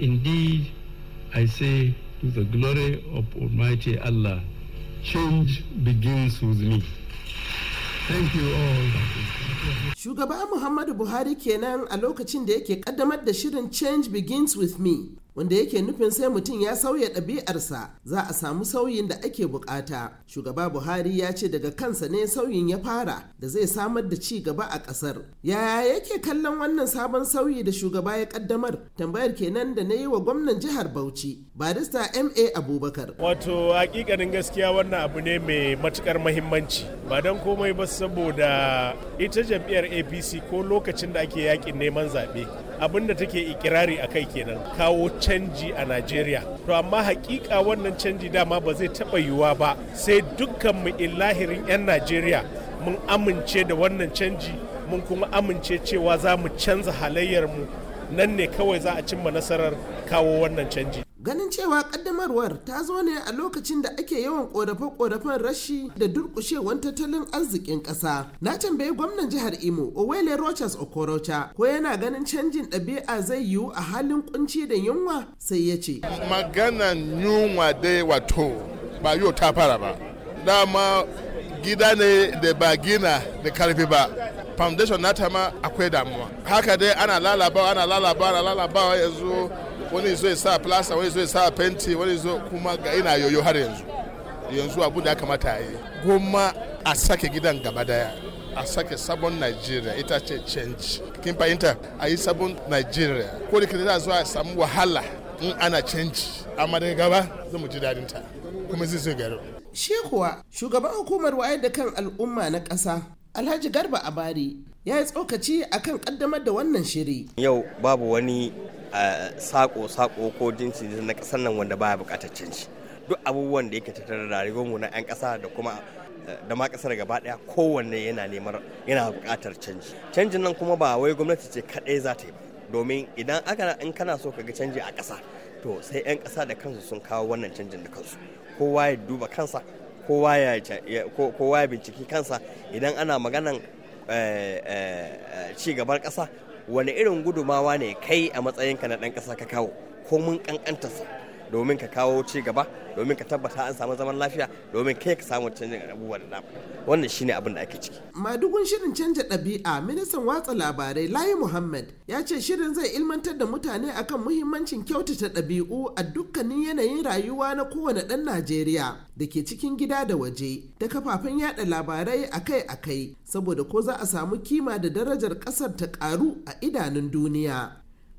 Indeed, I say to the glory of Almighty Allah, change begins with me. Thank you all. Shugaba Muhammadu Buhari kenan a lokacin da yake kaddamar da shirin Change Begins With Me wanda yake nufin sai mutum ya sauya ɗabi'arsa za a samu sauyin da ake bukata shugaba buhari ya ce daga kansa ne sauyin ya fara da zai samar da ci gaba a ƙasar yaya yake kallon wannan sabon sauyi da shugaba ya kaddamar tambayar kenan da na yi wa gwamnan jihar bauchi barista ma abubakar wato hakikanin gaskiya wannan abu ne mai matukar mahimmanci ba don komai ba saboda ita jam'iyyar apc ko lokacin da ake yakin neman zaɓe abin da take ikirari a kai kenan kawo canji a najeriya to amma hakika wannan canji dama ba zai taɓa yiwuwa ba sai dukkan mu illahirin 'yan najeriya mun amince da wannan canji mun kuma amince cewa za mu canza halayyar mu. nan ne kawai za a cimma nasarar kawo wannan canji ganin cewa kaddamarwar ta zo ne a lokacin da ake yawan korafe-korafen rashi da durkushewan tattalin arzikin ƙasa na tambayi gwamnan jihar imo owele rochas okorocha ko yana ganin canjin ɗabi'a zai yiwu a halin kunci da yunwa sai ya ce maganan yunwa dai wato ba yau ta fara ba dama gida ne da ba gina da karfi ba foundation nata ma akwai damuwa haka dai ana lalabawa ana lalabawa ana lalabawa yanzu wani zo ya sa plasta wani zo ya sa penti wani zo kuma ga ina yoyo har yanzu yanzu abu da ya kamata a yi goma a sake gidan gaba daya a sake sabon nigeria ita ce change kin fahimta a yi sabon nigeria ko da kira zuwa a samu wahala in ana change amma daga gaba zamu ji dadin ta kuma zai zo gari shi kuwa shugaban hukumar wayar da kan al'umma na ƙasa Alhaji Garba Abari ya yi tsokaci akan kaddamar da wannan shiri. Yau babu wani sako-sako ko jinsi na kasar nan wanda baya bukatar canji. Duk abubuwan da yake tattara da mu na 'yan kasa da kuma eh, da ma kasar gaba daya kowanne yana neman yana bukatar canji. Canjin nan kuma ba wai gwamnati ce kadai za ta yi ba. Domin idan aka in kana so ka ga canji a kasa to sai 'yan kasa da kansu sun kawo wannan canjin da kansu. Kowa ya duba kansa kowa ya binciki kansa idan ana maganan eh, eh, ci gaban ƙasa wani irin gudumawa ne kai a matsayinka na ɗan ƙasa ka kawo ko mun ƙanƙantarsa domin ka kawo ci gaba domin ka tabbata an samu zaman lafiya domin kai ka samu canjin abubuwa da dama wannan shine abin da ake ciki madugun shirin canja ɗabi'a ministan watsa labarai layi muhammad ya ce shirin zai ilmantar da mutane akan muhimmancin kyautata ɗabi'u a dukkanin yanayin rayuwa na kowane ɗan najeriya da ke cikin gida da waje ta kafafen yada labarai akai-akai saboda ko za a samu kima da darajar ƙasar ta ƙaru a idanun duniya